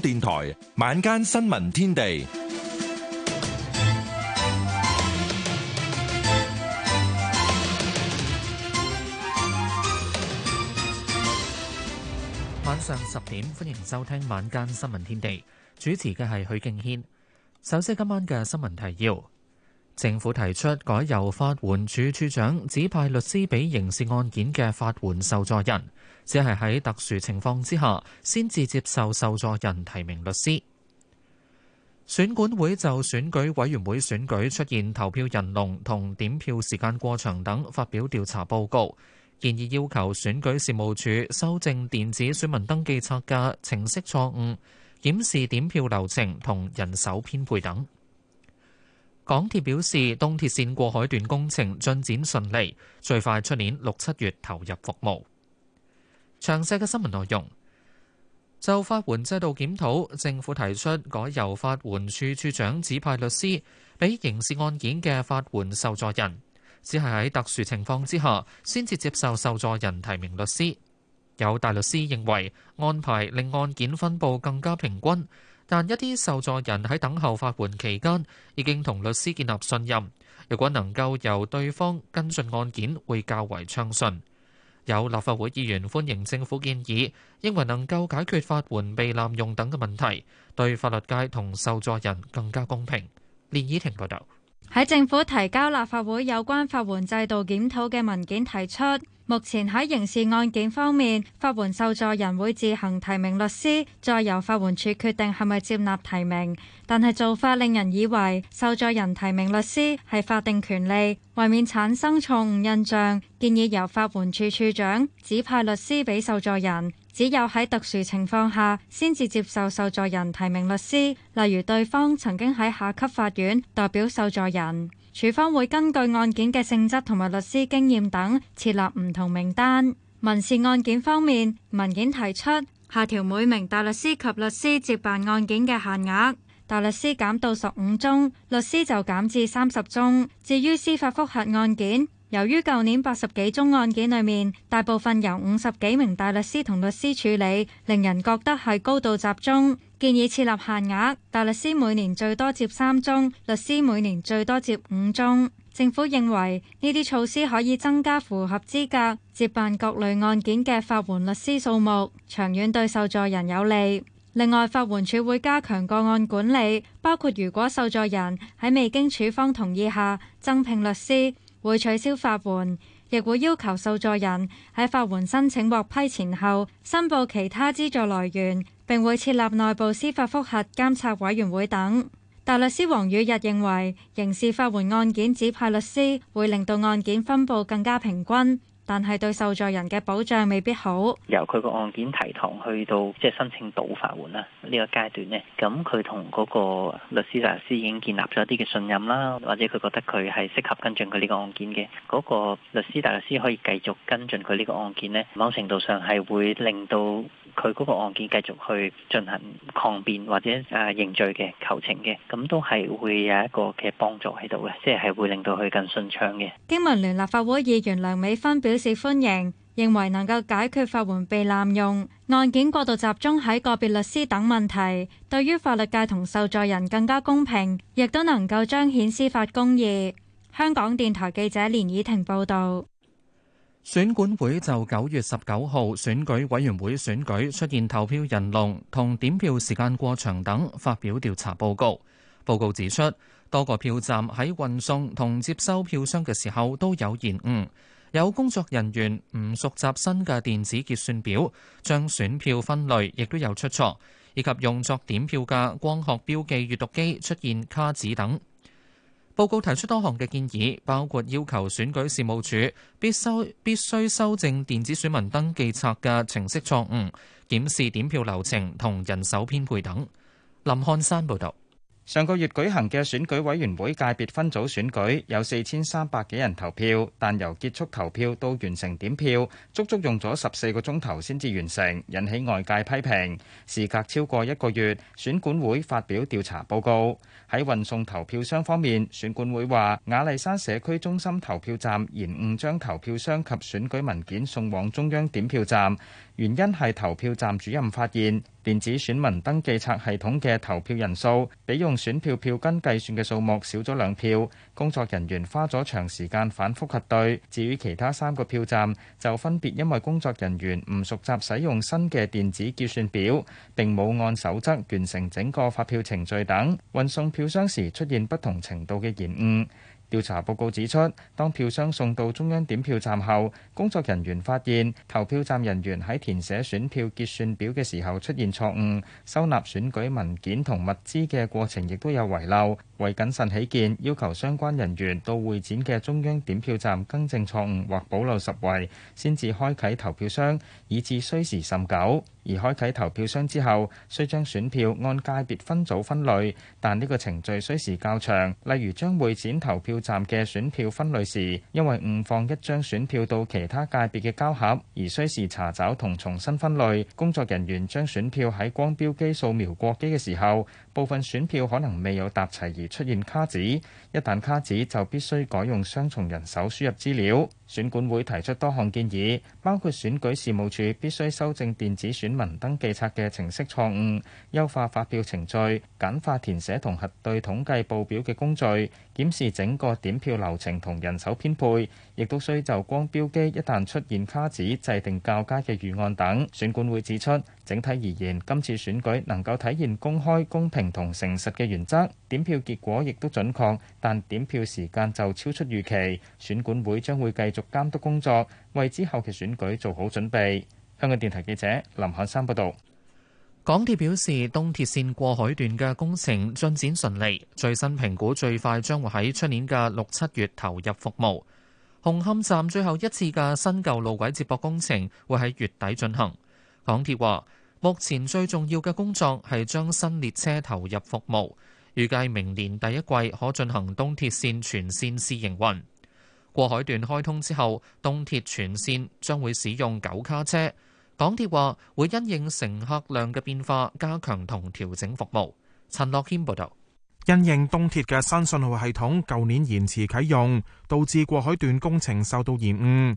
電台晚間新聞天地，晚上十點歡迎收聽晚間新聞天地，主持嘅係許敬軒。首先今晚嘅新聞提要，政府提出改由法援署署長指派律師俾刑事案件嘅法援受助人。只係喺特殊情況之下先至接受受助人提名律師。選管會就選舉委員會選舉出現投票人龍同點票時間過長等，發表調查報告，建議要求選舉事務處修正電子選民登記冊嘅程式錯誤，檢視點票流程同人手編配等。港鐵表示，東鐵線過海段工程進展順利，最快出年六七月投入服務。詳細嘅新聞內容。就法援制度檢討，政府提出改由法援處處長指派律師，俾刑事案件嘅法援受助人。只係喺特殊情況之下，先至接受受助人提名律師。有大律師認為安排令案件分佈更加平均，但一啲受助人喺等候法援期間已經同律師建立信任，如果能夠由對方跟進案件，會較為暢順。有立法會議員歡迎政府建議，認為能夠解決法援被濫用等嘅問題，對法律界同受助人更加公平。連綺婷報道，喺政府提交立法會有關法援制度檢討嘅文件提出。目前喺刑事案件方面，法援受助人會自行提名律師，再由法援署決定係咪接納提名。但係做法令人以為受助人提名律師係法定權利，為免產生錯誤印象，建議由法援署署長指派律師俾受助人。只有喺特殊情況下，先至接受受助人提名律師，例如對方曾經喺下級法院代表受助人。處方會根據案件嘅性質同埋律師經驗等設立唔同名單。民事案件方面，文件提出下調每名大律師及律師接辦案件嘅限額。大律師減到十五宗，律師就減至三十宗。至於司法覆核案件。由於舊年八十幾宗案件裏面，大部分由五十幾名大律師同律師處理，令人覺得係高度集中。建議設立限額，大律師每年最多接三宗，律師每年最多接五宗。政府認為呢啲措施可以增加符合資格接辦各類案件嘅法援律師數目，長遠對受助人有利。另外，法援處會加強個案管理，包括如果受助人喺未經處方同意下增聘律師。會取消法援，亦會要求受助人喺法援申請獲批前後申報其他資助來源，並會設立內部司法覆核監察委員會等。大律師黃宇日認為，刑事法援案件指派律師會令到案件分佈更加平均。但係對受助人嘅保障未必好。由佢個案件提堂去到即係申請到法援啦呢個階段呢，咁佢同嗰個律師大律師已經建立咗一啲嘅信任啦，或者佢覺得佢係適合跟進佢呢個案件嘅，嗰個律師大律師可以繼續跟進佢呢個案件呢，某程度上係會令到佢嗰個案件繼續去進行抗辯或者誒認罪嘅求情嘅，咁都係會有一個嘅幫助喺度嘅，即係會令到佢更順暢嘅。經文聯立法會議員梁美芬表，是歡迎，認為能夠解決法援被濫用、案件過度集中喺個別律師等問題，對於法律界同受助人更加公平，亦都能夠彰顯司法公義。香港電台記者連綺婷報道。選管會就九月十九號選舉委員會選舉出現投票人龍同點票時間過長等，發表調查報告。報告指出，多個票站喺運送同接收票箱嘅時候都有延誤。有工作人員唔熟習新嘅電子結算表，將選票分類亦都有出錯，以及用作點票嘅光學標記閲讀機出現卡紙等。報告提出多項嘅建議，包括要求選舉事務處必須必須修正電子選民登記冊嘅程式錯誤，檢視點票流程同人手編配等。林漢山報導。上個月舉行嘅選舉委員會界別分組選舉有四千三百幾人投票，但由結束投票到完成點票，足足用咗十四個鐘頭先至完成，引起外界批評。時隔超過一個月，選管會發表調查報告，喺運送投票箱方面，選管會話亞麗山社區中心投票站延誤將投票箱及選舉文件送往中央點票站，原因係投票站主任發現電子選民登記冊系統嘅投票人數比用選票票根計算嘅數目少咗兩票，工作人員花咗長時間反覆核對。至於其他三個票站，就分別因為工作人員唔熟習使用新嘅電子結算表，並冇按守則完成整個發票程序等，運送票箱時出現不同程度嘅延誤。調查報告指出，當票箱送到中央點票站後，工作人員發現投票站人員喺填寫選票結算表嘅時候出現錯誤，收納選舉文件同物資嘅過程亦都有遺漏。為謹慎起見，要求相關人員到會展嘅中央點票站更正錯誤或保留十位，先至開啓投票箱，以致需時甚久。而開啓投票箱之後，需將選票按界別分組分類，但呢個程序需時較長，例如將會展投票站嘅選票分類時，因為誤放一張選票到其他界別嘅膠盒，而需時查找同重新分類。工作人員將選票喺光標機掃描過機嘅時候，部分選票可能未有搭齊而出現卡紙。一旦卡紙就必須改用雙重人手輸入資料。選管會提出多項建議，包括選舉事務處必須修正電子選民登記冊嘅程式錯誤，優化發票程序，簡化填寫同核對統計報表嘅工序，檢視整個點票流程同人手編配，亦都需就光標機一旦出現卡紙，制定較佳嘅預案等。選管會指出，整體而言，今次選舉能夠體現公開、公平同誠實嘅原則，點票結果亦都準確，但點票時間就超出預期。選管會將會繼續監督工作，為之後嘅選舉做好準備。香港電台記者林漢山報道。港鐵表示，東鐵線過海段嘅工程進展順利，最新評估最快將會喺出年嘅六七月投入服務。紅磡站最後一次嘅新舊路軌接駁工程會喺月底進行。港鐵話。目前最重要嘅工作係將新列車投入服務，預計明年第一季可進行東鐵線全線試營運。過海段開通之後，東鐵全線將會使用九卡車。港鐵話會因應乘客量嘅變化，加強同調整服務。陳樂謙報道。因應東鐵嘅新信號系統舊年延遲啟用，導致過海段工程受到延誤。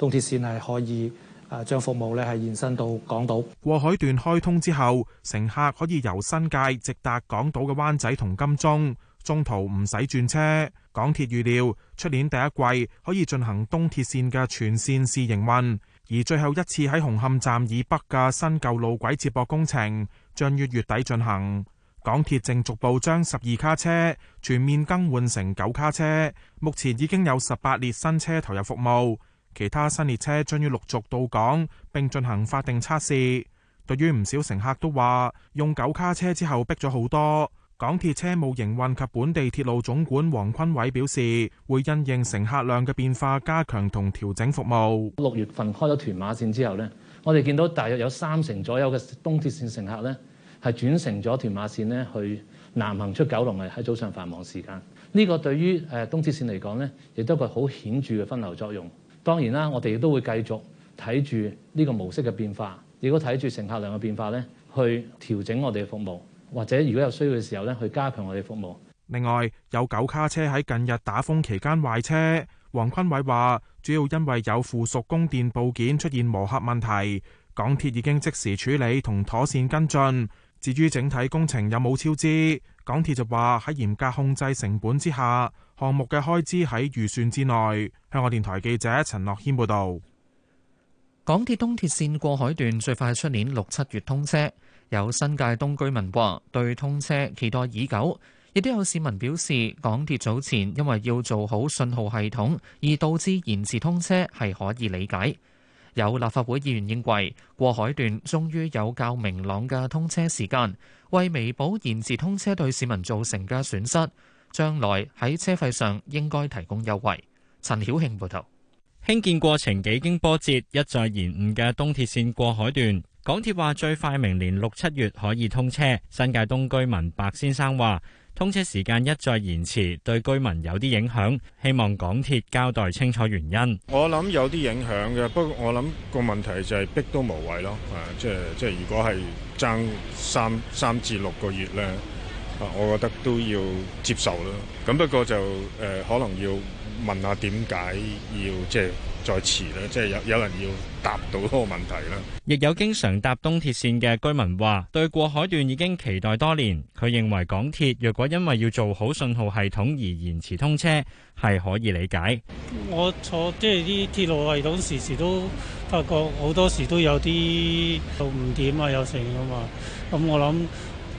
東鐵線係可以誒將服務咧係延伸到港島過海段開通之後，乘客可以由新界直達港島嘅灣仔同金鐘，中途唔使轉車。港鐵預料出年第一季可以進行東鐵線嘅全線試營運，而最後一次喺紅磡站以北嘅新舊路軌接駁工程將於月底進行。港鐵正逐步將十二卡車全面更換成九卡車，目前已經有十八列新車投入服務。其他新列車將於陸續到港並進行法定測試。對於唔少乘客都話，用九卡車之後逼咗好多。港鐵車務營運及本地鐵路總管黃坤偉表示，會因應乘客量嘅變化，加強同調整服務。六月份開咗屯馬線之後呢，我哋見到大約有三成左右嘅東鐵線乘客呢，係轉乘咗屯馬線呢去南行出九龍係喺早上繁忙時間呢、呢個對於誒東鐵線嚟講呢，亦都係好顯著嘅分流作用。當然啦，我哋亦都會繼續睇住呢個模式嘅變化，如果睇住乘客量嘅變化呢去調整我哋嘅服務，或者如果有需要嘅時候呢去加強我哋嘅服務。另外，有九卡車喺近日打風期間壞車，黃坤偉話主要因為有附屬供電部件出現磨合問題，港鐵已經即時處理同妥善跟進。至於整體工程有冇超支，港鐵就話喺嚴格控制成本之下，項目嘅開支喺預算之內。香港電台記者陳樂軒報導，港鐵東鐵線過海段最快出年六七月通車。有新界東居民話對通車期待已久，亦都有市民表示港鐵早前因為要做好信號系統而導致延遲通車係可以理解。有立法會議員認為過海段終於有較明朗嘅通車時間，為彌補延遲通車對市民造成嘅損失，將來喺車費上應該提供優惠。陳曉慶報道，興建過程幾經波折，一再延誤嘅東鐵線過海段，港鐵話最快明年六七月可以通車。新界東居民白先生話：通車時間一再延遲，對居民有啲影響，希望港鐵交代清楚原因。我諗有啲影響嘅，不過我諗個問題就係逼都無謂咯。誒，即係即係，如果係爭三三至六個月咧。我覺得都要接受咯。咁不過就誒、呃，可能要問下點解要即係再遲啦，即係有有人要答到嗰個問題啦。亦有經常搭東鐵線嘅居民話，對過海段已經期待多年。佢認為港鐵若果因為要做好信號系統而延遲通車，係可以理解。我坐即係啲鐵路系統時時，時都發覺好多時都有啲誤點啊，有成啊嘛。咁、嗯、我諗。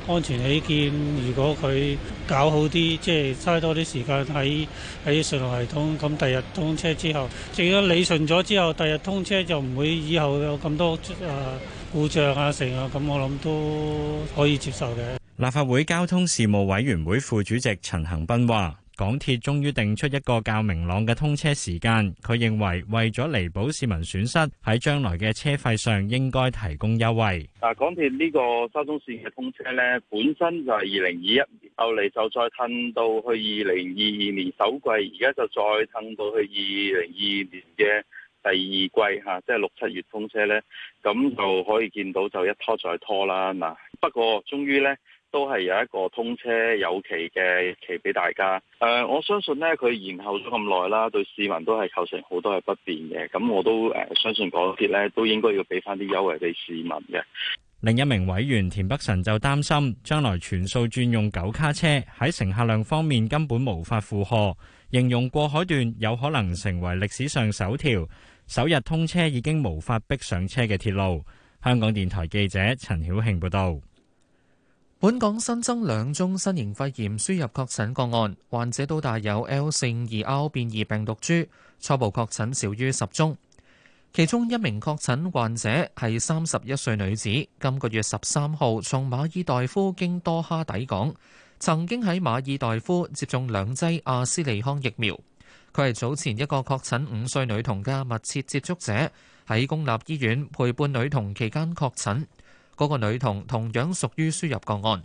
安全起見，如果佢搞好啲，即係嘥多啲時間喺喺隧道系統，咁第日通車之後，只要理順咗之後，第日通車就唔會以後有咁多誒故障啊，成啊，咁我諗都可以接受嘅。立法會交通事務委員會副主席陳恒斌話。港鐵終於定出一個較明朗嘅通車時間，佢認為為咗彌補市民損失，喺將來嘅車費上應該提供優惠。嗱，港鐵呢個沙中線嘅通車呢，本身就係二零二一年，後嚟，就再褪到去二零二二年首季，而家就再褪到去二零二二年嘅第二季，吓、啊，即係六七月通車呢，咁就可以見到就一拖再拖啦。嗱、啊，不過終於呢。都係有一個通車有期嘅期俾大家。誒，我相信呢，佢延後咗咁耐啦，對市民都係構成好多嘅不便嘅。咁我都誒相信港鐵呢，都應該要俾翻啲優惠俾市民嘅。另一名委員田北辰就擔心，將來全數轉用九卡車，喺乘客量方面根本無法負荷，形容過海段有可能成為歷史上首條首日通車已經無法逼上車嘅鐵路。香港電台記者陳曉慶報導。本港新增兩宗新型肺炎輸入確診個案，患者都帶有 L452R 變異病毒株，初步確診少於十宗。其中一名確診患者係三十一歲女子，今個月十三號從馬爾代夫經多哈抵港，曾經喺馬爾代夫接種兩劑阿斯利康疫苗。佢係早前一個確診五歲女童嘅密切接觸者，喺公立醫院陪伴女童期間確診。嗰個女童同樣屬於輸入個案，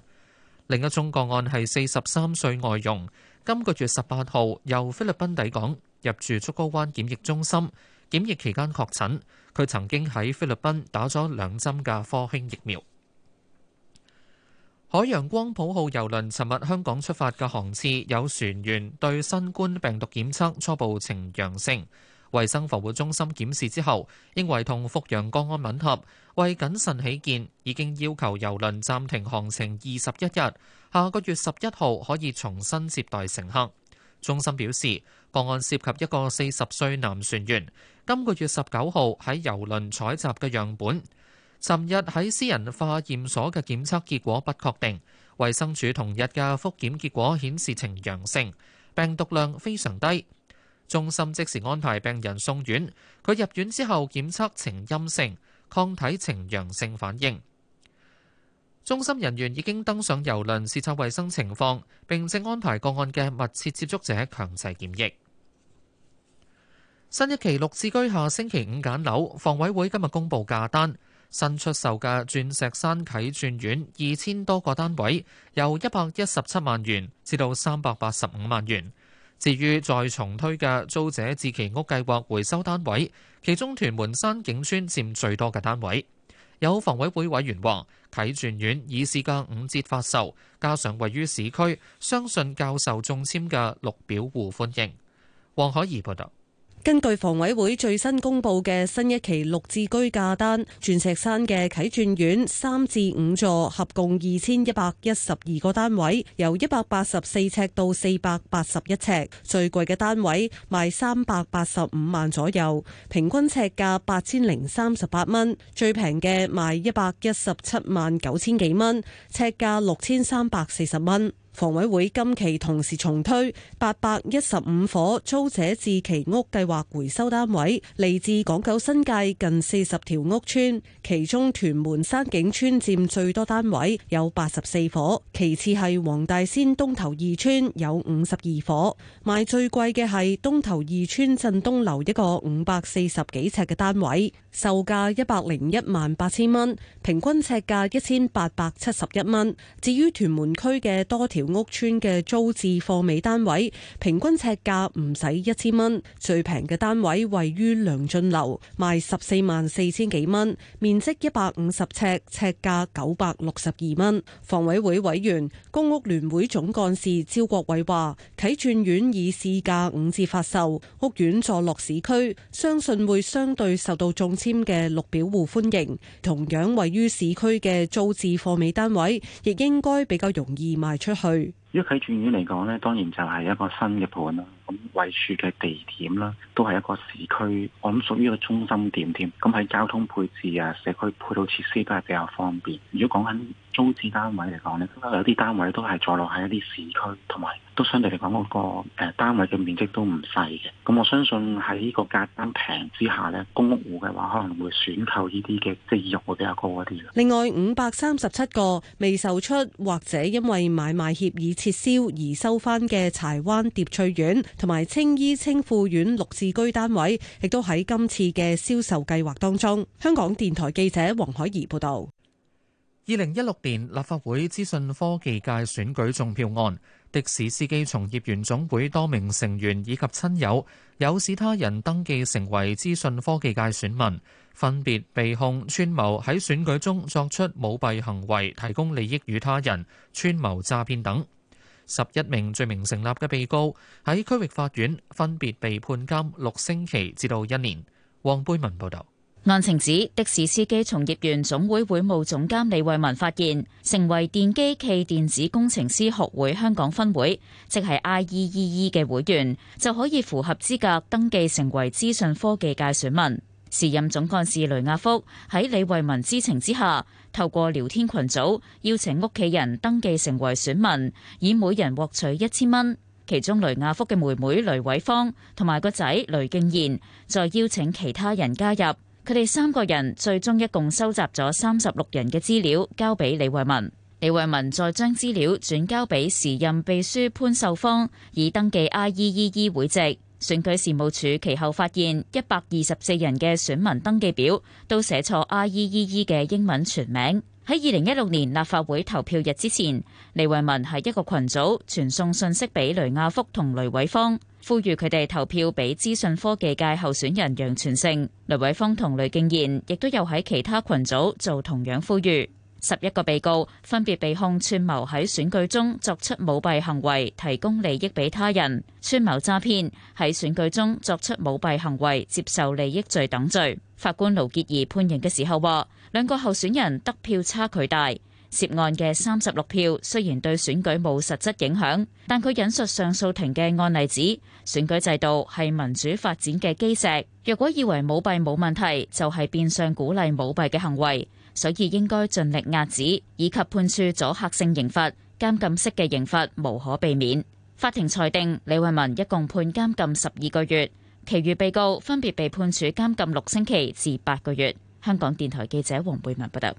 另一宗個案係四十三歲外傭，今個月十八號由菲律賓抵港，入住竹篙灣檢疫中心，檢疫期間確診，佢曾經喺菲律賓打咗兩針嘅科興疫苗。海洋光譜號郵輪尋日香港出發嘅航次，有船員對新冠病毒檢測初步呈陽性。衛生防護中心檢視之後，認為同復陽個案吻合，為謹慎起見，已經要求郵輪暫停航程二十一日，下個月十一號可以重新接待乘客。中心表示，個案涉及一個四十歲男船員，今個月十九號喺郵輪採集嘅樣本，尋日喺私人化驗所嘅檢測結果不確定，衛生署同日嘅覆檢結果顯示呈陽性，病毒量非常低。中心即時安排病人送院，佢入院之後檢測呈陰性，抗體呈陽性反應。中心人員已經登上郵輪視察衞生情況，並正安排個案嘅密切接觸者強制檢疫。新一期綠置居下星期五揀樓，房委會今日公布價單，新出售嘅鑽石山啟鑽苑二千多個單位，由一百一十七萬元至到三百八十五萬元。至於再重推嘅租者置其屋計劃回收單位，其中屯門山景村佔最多嘅單位。有房委會委員話，啟鑽苑以市價五折發售，加上位於市區，相信較受中籤嘅綠表戶歡迎。黃海怡報道。根據房委會最新公布嘅新一期綠置居價單，鑽石山嘅啟鑽苑三至五座合共二千一百一十二個單位，由一百八十四尺到四百八十一尺，最貴嘅單位賣三百八十五萬左右，平均尺價八千零三十八蚊，最平嘅賣一百一十七萬九千幾蚊，尺價六千三百四十蚊。房委會今期同時重推八百一十五伙租者置其屋計劃回收單位，嚟自港九新界近四十條屋邨。其中屯門山景村佔最多單位，有八十四伙，其次係黃大仙東頭二村有五十二伙，賣最貴嘅係東頭二村鎮東，東樓一個五百四十幾尺嘅單位，售價一百零一萬八千蚊，平均尺價一千八百七十一蚊。至於屯門區嘅多條，屋邨嘅租置貨尾單位平均尺價唔使一千蚊，最平嘅單位位於梁俊樓，賣十四萬四千幾蚊，面積一百五十尺，尺價九百六十二蚊。房委會委員、公屋聯會總幹事招國偉話：啟駿苑以市價五折發售，屋苑坐落市區，相信會相對受到中籤嘅綠表戶歡迎。同樣位於市區嘅租置貨尾單位，亦應該比較容易賣出去。如果喺轉院嚟講呢，當然就係一個新嘅盤啦。咁位處嘅地點啦，都係一個市區，我諗屬於一個中心點添。咁喺交通配置啊，社區配套設施都係比較方便。如果講緊，租置單位嚟講咧，有啲單位都係坐落喺一啲市區，同埋都相對嚟講嗰個誒單位嘅面積都唔細嘅。咁我相信喺呢個價單平之下呢，公屋戶嘅話可能會選購呢啲嘅，即係意欲會比較高一啲。另外，五百三十七個未售出或者因為買賣協議撤銷而收翻嘅柴灣蝶翠苑同埋青衣青富苑綠置居單位，亦都喺今次嘅銷售計劃當中。香港電台記者黃海怡報道。二零一六年立法會資訊科技界選舉種票案，的士司機從業員總會多名成員以及親友，誘使他人登記成為資訊科技界選民，分別被控串謀喺選舉中作出舞弊行為、提供利益與他人、串謀詐騙等。十一名罪名成立嘅被告喺區域法院分別被判監六星期至到一年。黃貝文報道。案情指的士司機從業員總會會務總監李慧文發現，成為電機暨電子工程師學會香港分會，即係 IEEE 嘅會員，就可以符合資格登記成為資訊科技界選民。時任總幹事雷亞福喺李慧文知情之下，透過聊天群組邀請屋企人登記成為選民，以每人獲取一千蚊。其中，雷亞福嘅妹妹雷偉芳同埋個仔雷敬賢再邀請其他人加入。佢哋三個人最終一共收集咗三十六人嘅資料，交俾李慧文。李慧文再將資料轉交俾時任秘書潘秀芳，以登記 I E E E 會籍。選舉事務處其後發現一百二十四人嘅選民登記表都寫錯 I E E E 嘅英文全名。喺二零一六年立法會投票日之前，李慧文喺一個群組傳送信息俾雷亞福同雷偉方。呼籲佢哋投票俾資訊科技界候選人楊全勝、雷偉峰同雷敬賢，亦都有喺其他群組做同樣呼籲。十一個被告分別被控串謀喺選舉中作出舞弊行為，提供利益俾他人；串謀詐騙喺選舉中作出舞弊行為，接受利益罪等罪。法官盧杰儀判刑嘅時候話，兩個候選人得票差距大。涉案嘅三十六票雖然對選舉冇實質影響，但佢引述上訴庭嘅案例指，選舉制度係民主發展嘅基石。若果以為舞弊冇問題，就係、是、變相鼓勵舞弊嘅行為，所以應該盡力遏止，以及判處阻嚇性刑罰，監禁式嘅刑罰無可避免。法庭裁定李慧文一共判監禁十二個月，其餘被告分別被判處監禁六星期至八個月。香港電台記者黃貝文報道。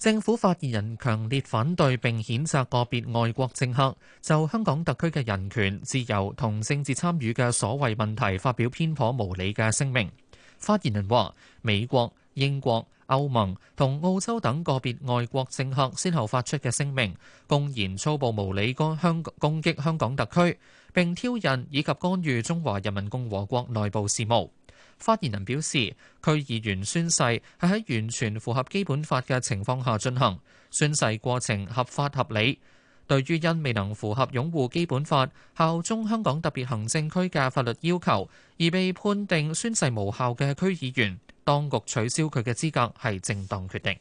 政府發言人強烈反對並譴責個別外國政客就香港特區嘅人權、自由同政治參與嘅所謂問題發表偏頗無理嘅聲明。發言人話：美國、英國、歐盟同澳洲等個別外國政客先後發出嘅聲明，公然粗暴無理干香攻擊香港特區，並挑釁以及干預中華人民共和國內部事務。發言人表示，區議員宣誓係喺完全符合基本法嘅情況下進行，宣誓過程合法合理。對於因未能符合擁護基本法、效忠香港特別行政區嘅法律要求而被判定宣誓無效嘅區議員，當局取消佢嘅資格係正當決定。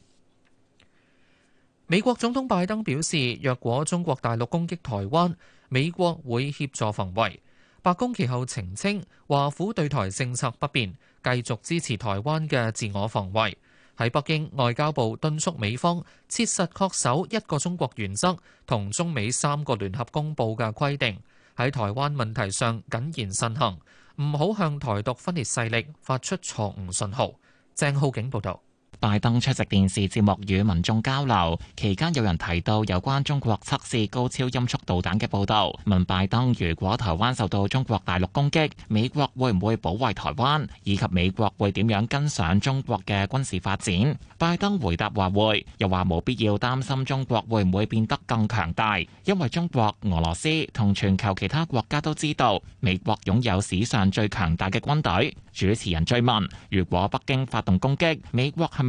美國總統拜登表示，若果中國大陸攻擊台灣，美國會協助防衛。白宮其後澄清，華府對台政策不變，繼續支持台灣嘅自我防衛。喺北京，外交部敦促美方切實恪守一個中國原則同中美三個聯合公佈嘅規定，喺台灣問題上謹言慎行，唔好向台獨分裂勢力發出錯誤信號。鄭浩景報道。拜登出席電視節目與民眾交流，期間有人提到有關中國測試高超音速導彈嘅報導，問拜登如果台灣受到中國大陸攻擊，美國會唔會保衞台灣，以及美國會點樣跟上中國嘅軍事發展？拜登回答話會，又話冇必要擔心中國會唔會變得更強大，因為中國、俄羅斯同全球其他國家都知道美國擁有史上最強大嘅軍隊。主持人追問：如果北京發動攻擊，美國係？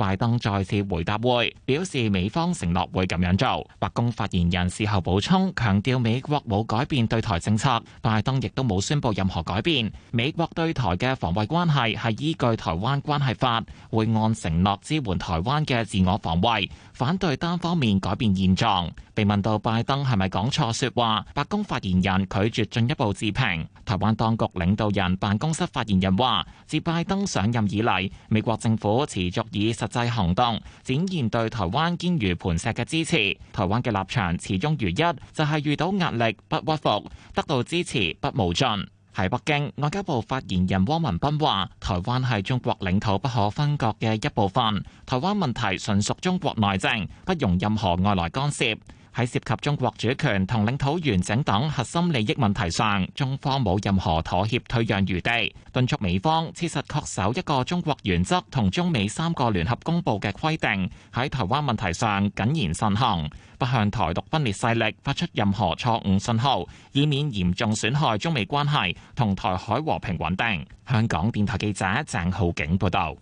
拜登再次回答會表示美方承諾會咁樣做，白宮發言人事後補充強調美國冇改變對台政策，拜登亦都冇宣布任何改變。美國對台嘅防衛關係係依據《台灣關係法》，會按承諾支援台灣嘅自我防衛，反對單方面改變現狀。被問到拜登係咪講錯說話？白宮發言人拒絕進一步置評。台灣當局領導人辦公室發言人話，自拜登上任以嚟，美國政府持續以實制行動，展現對台灣堅如磐石嘅支持。台灣嘅立場始終如一，就係、是、遇到壓力不屈服，得到支持不無盡。喺北京，外交部發言人汪文斌話，台灣係中國領土不可分割嘅一部分，台灣問題純屬中國內政，不容任何外來干涉。喺涉及中國主權同領土完整等核心利益問題上，中方冇任何妥協退讓餘地，敦促美方切實恪守一個中國原則同中美三個聯合公佈嘅規定，喺台灣問題上謹言慎行，不向台獨分裂勢力發出任何錯誤信號，以免嚴重損害中美關係同台海和平穩定。香港電台記者鄭浩景報導。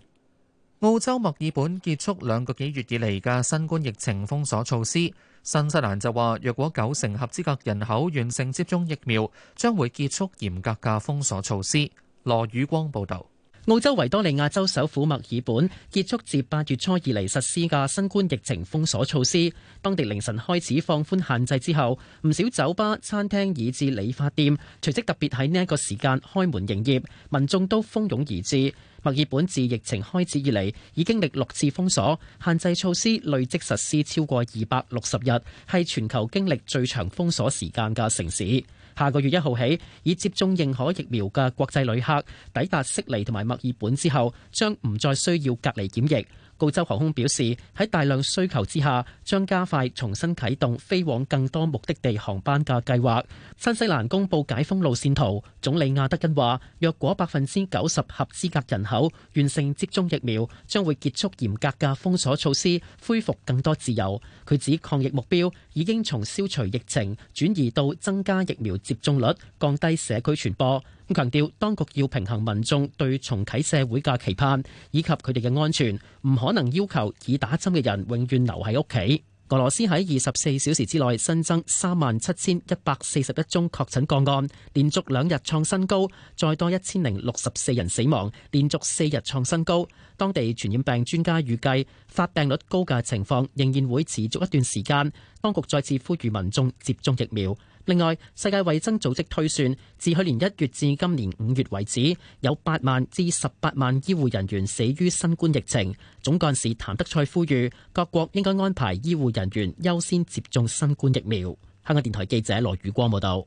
澳洲墨爾本結束兩個幾月以嚟嘅新冠疫情封鎖措施。新西蘭就話，若果九成合資格人口完成接種疫苗，將會結束嚴格嘅封鎖措施。羅宇光報導。澳洲維多利亞州首府墨爾本結束自八月初以嚟實施嘅新冠疫情封鎖措施，當地凌晨開始放寬限制之後，唔少酒吧、餐廳以至理髮店隨即特別喺呢一個時間開門營業，民眾都蜂擁而至。墨爾本自疫情開始以嚟，已經歷六次封鎖，限制措施累積實施超過二百六十日，係全球經歷最長封鎖時間嘅城市。下個月一號起，已接種認可疫苗嘅國際旅客抵達悉尼同埋墨爾本之後，將唔再需要隔離檢疫。澳洲航空表示，喺大量需求之下，將加快重新啟動飛往更多目的地航班嘅計劃。新西蘭公布解封路線圖，總理亞德恩話：若果百分之九十合資格人口完成接種疫苗，將會結束嚴格嘅封鎖措施，恢復更多自由。佢指抗疫目標已經從消除疫情轉移到增加疫苗接種率，降低社區傳播。強調當局要平衡民眾對重啟社會嘅期盼，以及佢哋嘅安全，唔可能要求已打針嘅人永遠留喺屋企。俄羅斯喺二十四小時之內新增三萬七千一百四十一宗確診個案，連續兩日創新高，再多一千零六十四人死亡，連續四日創新高。當地傳染病專家預計，發病率高嘅情況仍然會持續一段時間。當局再次呼籲民眾接種疫苗。另外，世界衞生組織推算，自去年一月至今年五月為止，有八萬至十八萬醫護人員死於新冠疫情。總幹事譚德賽呼籲各國應該安排醫護人員優先接種新冠疫苗。香港電台記者羅宇光報道。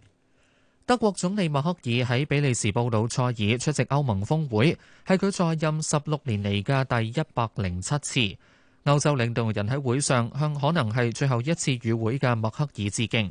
德國總理默克爾喺比利時布魯塞爾出席歐盟峰會，係佢在任十六年嚟嘅第一百零七次。歐洲領導人喺會上向可能係最後一次與會嘅默克爾致敬。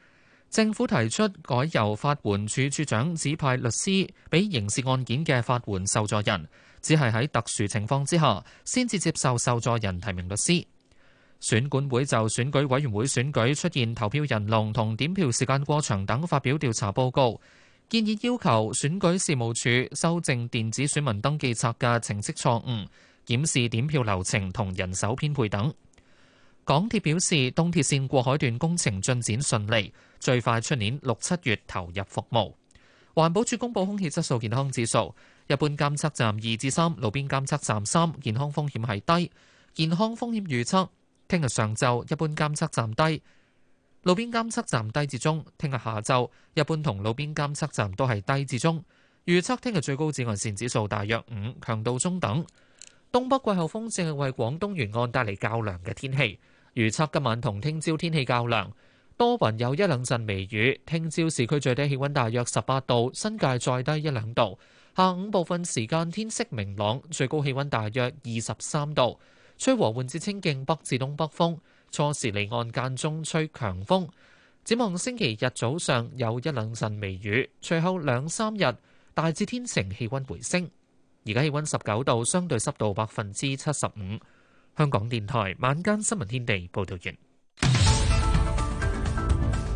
政府提出改由法援處處長指派律師俾刑事案件嘅法援受助人，只係喺特殊情況之下先至接受受助人提名律師。選管會就選舉委員會選舉出現投票人龍同點票時間過長等，發表調查報告，建議要求選舉事務處修正電子選民登記冊嘅程式錯誤，檢視點票流程同人手編配等。港鐵表示，東鐵綫過海段工程進展順利，最快出年六七月投入服務。環保署公布空氣質素健康指數，一般監測站二至三，路邊監測站三，健康風險係低。健康風險預測：聽日上晝一般監測站低，路邊監測站低至中；聽日下晝一般同路邊監測站都係低至中。預測聽日最高紫外綫指數大約五，強度中等。東北季候風正係為廣東沿岸帶嚟較涼嘅天氣。預測今晚同聽朝天氣較涼，多雲有一兩陣微雨。聽朝市區最低氣温大約十八度，新界再低一兩度。下午部分時間天色明朗，最高氣温大約二十三度，吹和緩至清勁北至東北風，初時離岸間中吹強風。展望星期日早上有一兩陣微雨，隨後兩三日大致天晴，氣温回升。而家氣温十九度，相對濕度百分之七十五。香港電台晚間新聞天地報道完。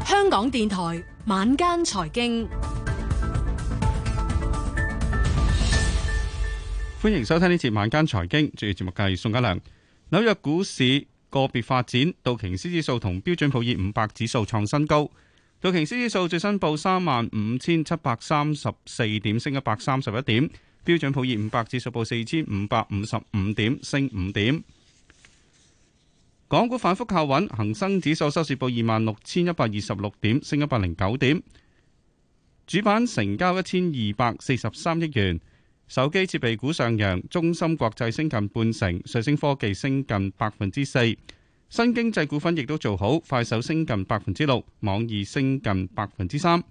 香港電台晚間財經，歡迎收聽呢次晚間財經，主持節目嘅係宋家良。紐約股市個別發展，道瓊斯指數同標準普爾五百指數創新高。道瓊斯指數最新報三萬五千七百三十四點，升一百三十一點；標準普爾五百指數報四千五百五十五點，升五點。港股反覆靠穩，恆生指數收市報二萬六千一百二十六點，升一百零九點。主板成交一千二百四十三億元。手機設備股上揚，中芯國際升近半成，瑞聲科技升近百分之四。新經濟股份亦都做好，快手升近百分之六，網易升近百分之三。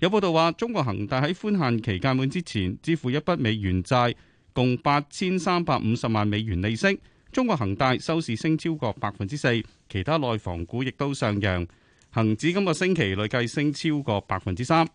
有報道話，中國恆大喺寬限期屆滿之前支付一筆美元債，共八千三百五十萬美元利息。中國恒大收市升超過百分之四，其他內房股亦都上揚，恒指今個星期累計升超過百分之三。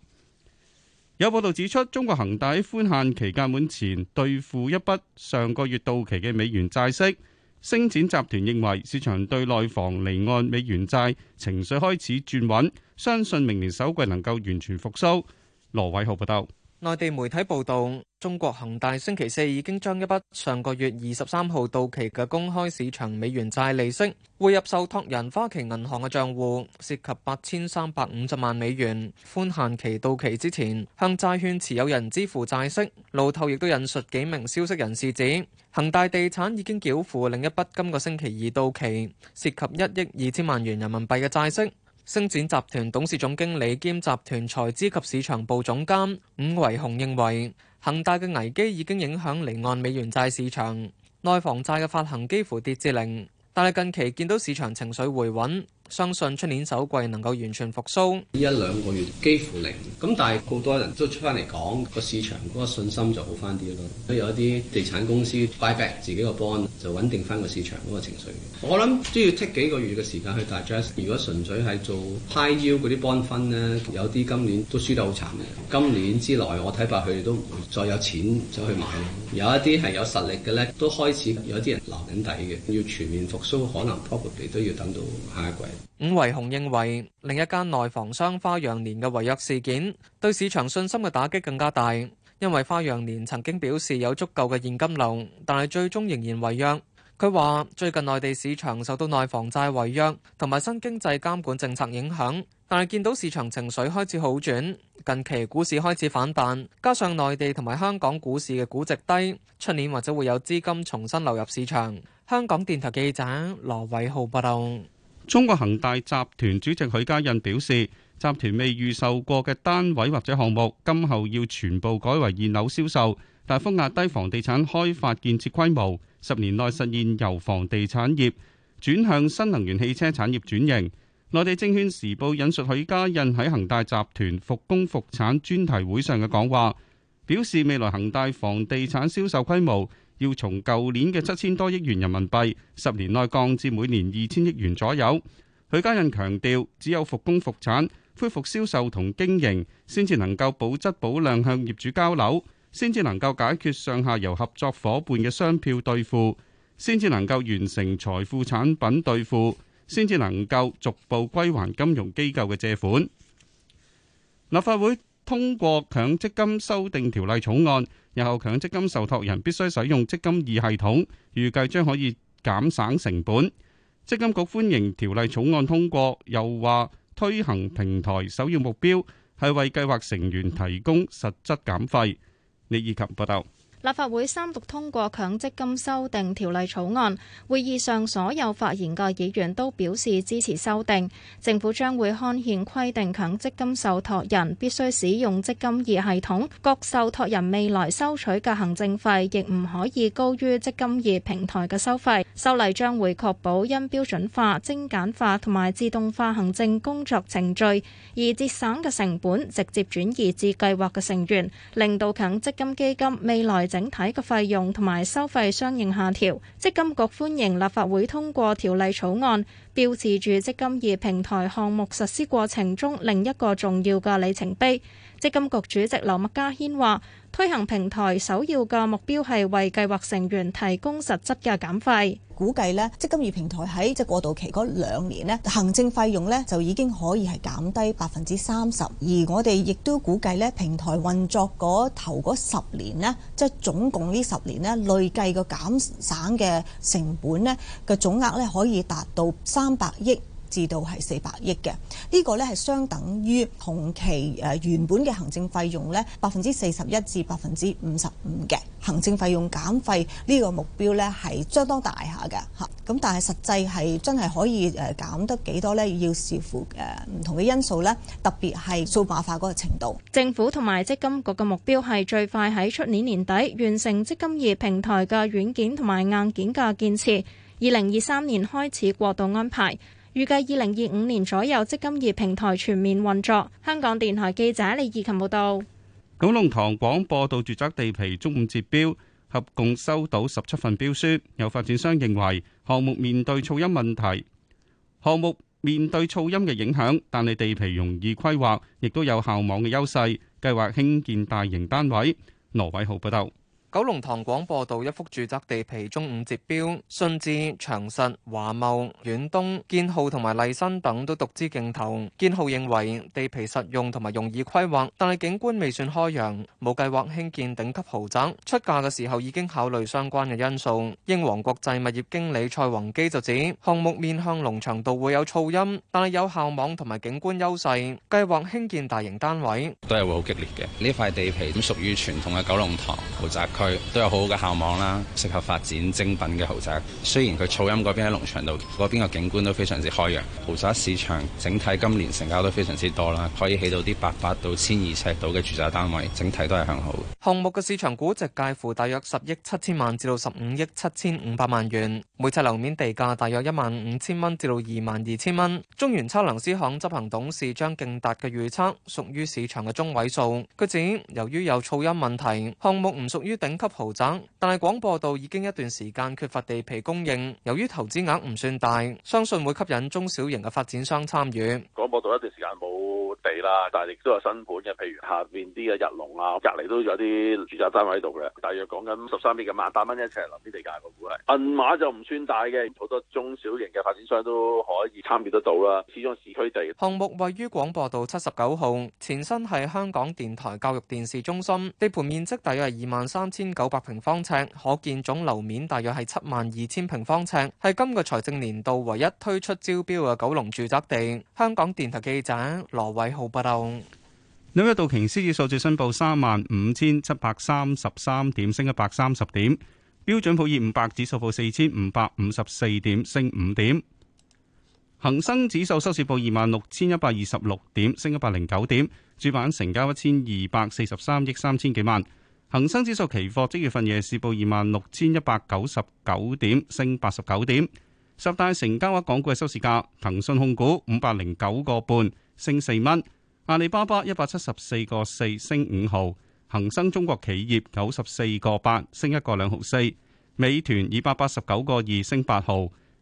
有報道指出，中國恒大喺寬限期屆滿前兌付一筆上個月到期嘅美元債息。星展集團認為，市場對內房離岸美元債情緒開始轉穩，相信明年首季能夠完全復甦。羅偉浩報道。內地媒體報道，中國恒大星期四已經將一筆上個月二十三號到期嘅公開市場美元債利息匯入受託人花旗銀行嘅賬戶，涉及八千三百五十萬美元。寬限期到期之前，向債券持有人支付債息。路透亦都引述幾名消息人士指，恒大地產已經繳付另一筆今個星期二到期，涉及一億二千萬元人民幣嘅債息。星展集團董事總經理兼集團財資及市場部總監伍維雄認為，恒大嘅危機已經影響離岸美元債市場，內房債嘅發行幾乎跌至零，但係近期見到市場情緒回穩。相信出年首季能夠完全復甦。呢一兩個月幾乎零，咁但係好多人都出翻嚟講，個市場嗰個信心就好翻啲咯。所以有一啲地產公司 buy back 自己個 bond 就穩定翻個市場嗰個情緒。我諗都要 take 幾個月嘅時間去 address。如果純粹係做 high yield 嗰啲 bond 分呢，有啲今年都輸得好慘嘅。今年之內我睇法，佢哋都唔會再有錢走去買。有一啲係有實力嘅咧，都開始有啲人留緊底嘅。要全面復甦，可能 probably 都要等到下一季。伍維雄認為，另一間內房商花樣年嘅違約事件對市場信心嘅打擊更加大，因為花樣年曾經表示有足夠嘅現金流，但係最終仍然違約。佢話最近內地市場受到內房債違約同埋新經濟監管政策影響，但係見到市場情緒開始好轉，近期股市開始反彈，加上內地同埋香港股市嘅估值低，出年或者會有資金重新流入市場。香港電台記者羅偉浩報道。中國恒大集團主席許家印表示，集團未預售過嘅單位或者項目，今後要全部改為現樓銷售，大幅壓低房地產開發建設規模，十年內實現由房地產業轉向新能源汽車產業轉型。內地證券時報引述許家印喺恒大集團復工復產專題會上嘅講話，表示未來恒大房地產銷售規模。要從舊年嘅七千多億元人民幣，十年內降至每年二千億元左右。許家印強調，只有復工復產、恢復銷售同經營，先至能夠保質保量向業主交樓，先至能夠解決上下游合作夥伴嘅商票兌付，先至能夠完成財富產品兌付，先至能夠逐步歸還金融機構嘅借款。立法會通過強積金修訂條例草案，日後強積金受託人必須使用積金二系統，預計將可以減省成本。積金局歡迎條例草案通過，又話推行平台首要目標係為計劃成員提供實質減費。李義勤報道。立法會三讀通過強積金修訂條例草案，會議上所有發言嘅議員都表示支持修訂。政府將會刊憲規定強積金受託人必須使用積金易系統，各受託人未來收取嘅行政費亦唔可以高於積金易平台嘅收費。修例將會確保因標準化、精簡化同埋自動化行政工作程序而節省嘅成本，直接轉移至計劃嘅成員，令到強積金基金未來。整體嘅費用同埋收費相應下調，積金局歡迎立法會通過條例草案，標誌住積金業平台項目實施過程中另一個重要嘅里程碑。積金局主席劉麥嘉軒話，推行平台首要嘅目標係為計劃成員提供實質嘅減費。估計呢，即係金融平台喺即係過渡期嗰兩年呢，行政費用呢，就已經可以係減低百分之三十，而我哋亦都估計呢，平台運作嗰頭嗰十年呢，即係總共呢十年呢，累計個減省嘅成本呢，嘅總額呢，可以達到三百億，至到係四百億嘅呢個呢，係相等於同期誒原本嘅行政費用呢，百分之四十一至百分之五十五嘅行政費用減費，呢個目標呢，係相當大下嘅㗎。咁但係實際係真係可以誒減得幾多呢？要視乎誒唔同嘅因素呢，特別係數碼化嗰個程度。政府同埋積金局嘅目標係最快喺出年年底完成積金業平台嘅軟件同埋硬件嘅建設，二零二三年開始過渡安排。預計二零二五年左右，積金業平台全面運作。香港電台記者李儀琴報道：九龍塘廣播道住宅地皮中午截標，合共收到十七份標書。有發展商認為項目面對噪音問題，項目面對噪音嘅影響，但係地皮容易規劃，亦都有校網嘅優勢。計劃興建大型單位。羅偉浩報道。九龍塘廣播道一幅住宅地皮中午截標，信置、長實、華茂、遠東、建浩同埋麗新等都獨資競投。建浩認為地皮實用同埋容易規劃，但係景觀未算開揚，冇計劃興建頂級豪宅。出價嘅時候已經考慮相關嘅因素。英皇國際物業經理蔡宏基就指，項目面向龍翔道會有噪音，但係有校網同埋景觀優勢，計劃興建大型單位。都係會好激烈嘅，呢塊地皮屬於傳，咁屬於傳統嘅九龍塘豪宅。佢都有好好嘅校網啦，適合發展精品嘅豪宅。雖然佢噪音嗰邊，喺農場度，嗰邊嘅景觀都非常之開揚，豪宅市場整體今年成交都非常之多啦，可以起到啲八百到千二尺度嘅住宅單位，整體都係向好。項目嘅市場估值介乎大約十億七千萬至到十五億七千五百萬元，每尺樓面地價大約一萬五千蚊至到二萬二千蚊。中原測量師行執行董事張敬達嘅預測屬於市場嘅中位數，佢指由於有噪音問題，項目唔屬於第。頂級豪宅，但係廣播道已經一段時間缺乏地皮供應，由於投資額唔算大，相信會吸引中小型嘅發展商參與。廣播道一段時間冇地啦，但係亦都有新盤嘅，譬如下面啲嘅日龍啊，隔籬都有啲住宅單位喺度嘅，大約講緊十三億咁萬八蚊一尺樓啲地價，我估係銀碼就唔算大嘅，好多中小型嘅發展商都可以參與得到啦。始終市區地項目位於廣播道七十九號，前身係香港電台教育電視中心，地盤面積大約係二萬三千。千九百平方尺，可建總樓面大約係七萬二千平方尺，係今個財政年度唯一推出招標嘅九龍住宅地。香港電台記者羅偉浩報道。紐約道瓊斯指數宣布三萬五千七百三十三點，升一百三十點。標準普爾五百指數報四千五百五十四點，升五點。恒生指數收市報二萬六千一百二十六點，升一百零九點。主板成交一千二百四十三億三千幾萬。恆生指數期貨即月份夜市報二萬六千一百九十九點，升八十九點。十大成交額港股嘅收市價：騰訊控股五百零九個半，升四蚊；阿里巴巴一百七十四個四，升五毫；恆生中國企業九十四個八，升一個兩毫四；美團二百八十九個二，升八毫；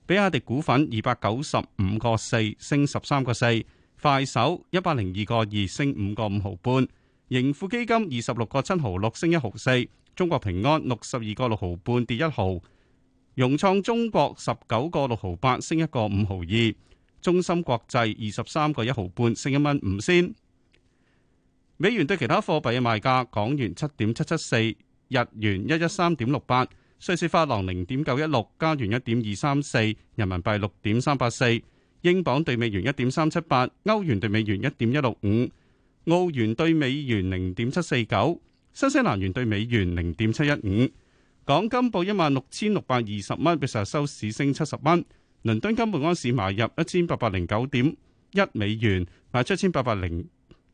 比亞迪股份二百九十五個四，升十三個四；快手一百零二個二，升五個五毫半。盈富基金二十六個七毫六升一毫四，中國平安六十二個六毫半跌一毫，融創中國十九個六毫八升一個五毫二，中芯國際二十三個一毫半升一蚊五仙。美元對其他貨幣嘅賣價：港元七點七七四，日元一一三點六八，瑞士法郎零點九一六，加元一點二三四，人民幣六點三八四，英鎊兌美元一點三七八，歐元兌美元一點一六五。澳元兌美元零點七四九，新西蘭元兌美元零點七一五。港金報一萬六千六百二十蚊，比上日收市升七十蚊。倫敦金每盎司買入一千八百零九點一美元，賣出一千八百零。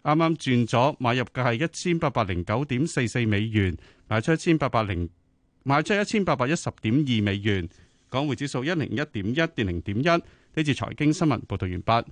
啱啱轉咗買入嘅係一千八百零九點四四美元，賣出一千八百零，賣出一千八百一十點二美元。港匯指數一零一點一跌零點一。呢節財經新聞報道完畢。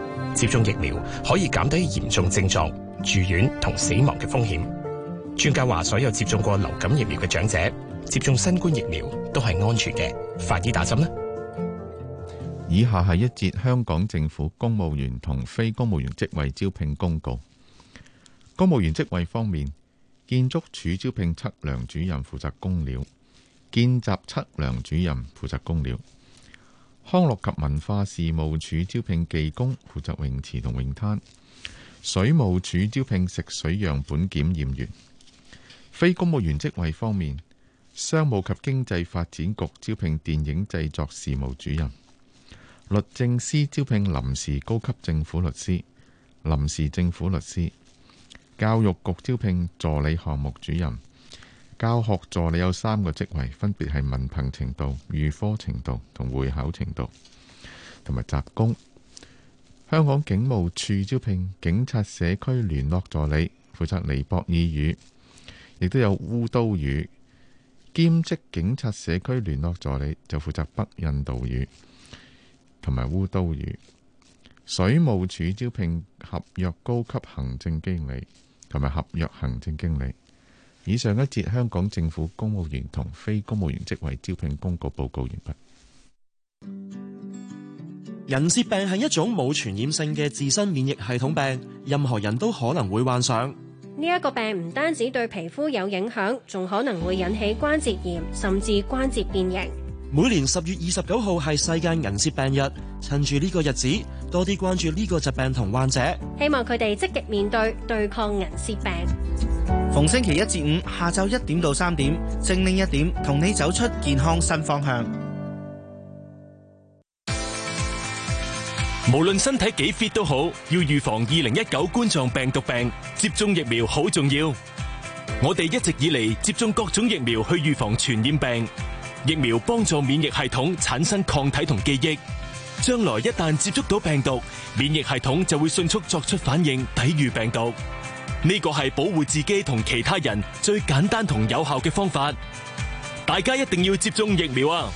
接種疫苗，可以減低嚴重症狀、住院同死亡嘅風險。專家話，所有接種過流感疫苗嘅長者接種新冠疫苗都係安全嘅。快啲打針啦！以下係一節香港政府公務員同非公務員職位招聘公告。公務員職位方面，建築署招聘測量主任負責工料，見習測量主任負責工料。康樂及文化事務署招聘技工，負責泳池同泳灘；水務署招聘食水樣本檢驗員。非公務員職位方面，商務及經濟發展局招聘電影製作事務主任；律政司招聘臨時高級政府律師、臨時政府律師；教育局招聘助理項目主任。教學助理有三個職位，分別係文憑程度、預科程度同會考程度，同埋雜工。香港警務處招聘警察社區聯絡助理，負責尼泊爾語，亦都有烏都語。兼職警察社區聯絡助理就負責北印度語同埋烏都語。水務署招聘合約高級行政經理同埋合約行政經理。以上一節香港政府公務員同非公務員職位招聘，公告報告完畢。銀屑病係一種冇傳染性嘅自身免疫系統病，任何人都可能會患上。呢一個病唔單止對皮膚有影響，仲可能會引起關節炎，甚至關節變形。每年十月二十九號係世界銀屑病日，趁住呢個日子多啲關注呢個疾病同患者，希望佢哋積極面對對抗銀屑病。逢星期一至五下晝一點到三點，正令一點同你走出健康新方向。無論身體幾 fit 都好，要預防二零一九冠狀病毒病，接種疫苗好重要。我哋一直以嚟接種各種疫苗去預防傳染病。疫苗幫助免疫系統產生抗體同記憶，將來一旦接觸到病毒，免疫系統就會迅速作出反應抵禦病毒。呢個係保護自己同其他人最簡單同有效嘅方法，大家一定要接種疫苗啊！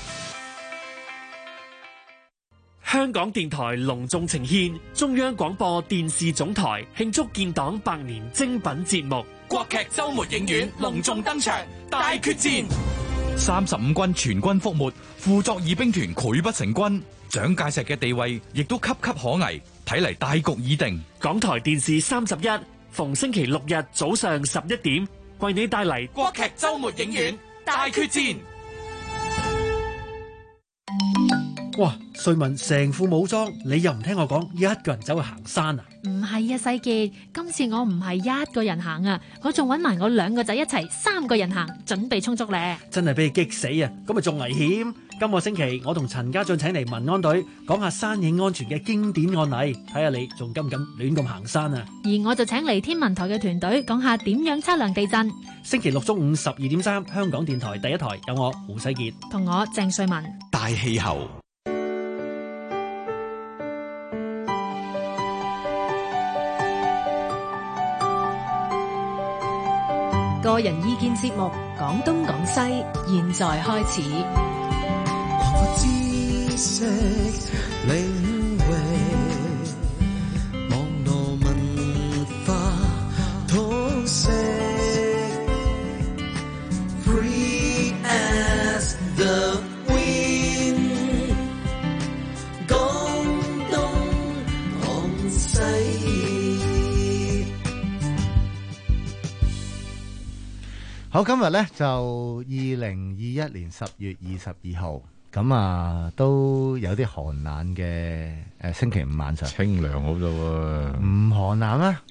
香港電台隆重呈現，中央廣播電視總台慶祝建黨百年精品節目《國劇週末影院》隆重登場，大決戰。三十五軍全軍覆沒，傅作義兵團潰不成軍，蔣介石嘅地位亦都岌岌可危，睇嚟大局已定。港台電視三十一逢星期六日早上十一點，為你帶嚟國劇周末影院大決戰。哇！瑞文成副武裝，你又唔聽我講，一個人走去行山啊？唔係啊，世杰，今次我唔係一個人行啊，我仲搵埋我兩個仔一齊，三個人行，準備充足咧。真係俾你激死啊！咁咪仲危險。今個星期我同陳家俊請嚟民安隊講下山影安全嘅經典案例，睇下你仲敢唔敢亂咁行山啊？而我就請嚟天文台嘅團隊講下點樣測量地震。星期六中午十二點三，香港電台第一台有我胡世杰同我鄭瑞文大氣候。個人意見節目《廣東廣西》，現在開始。 好，今日呢就二零二一年十月二十二號，咁啊都有啲寒冷嘅，誒、呃、星期五晚上，清涼好多喎，唔寒冷啊。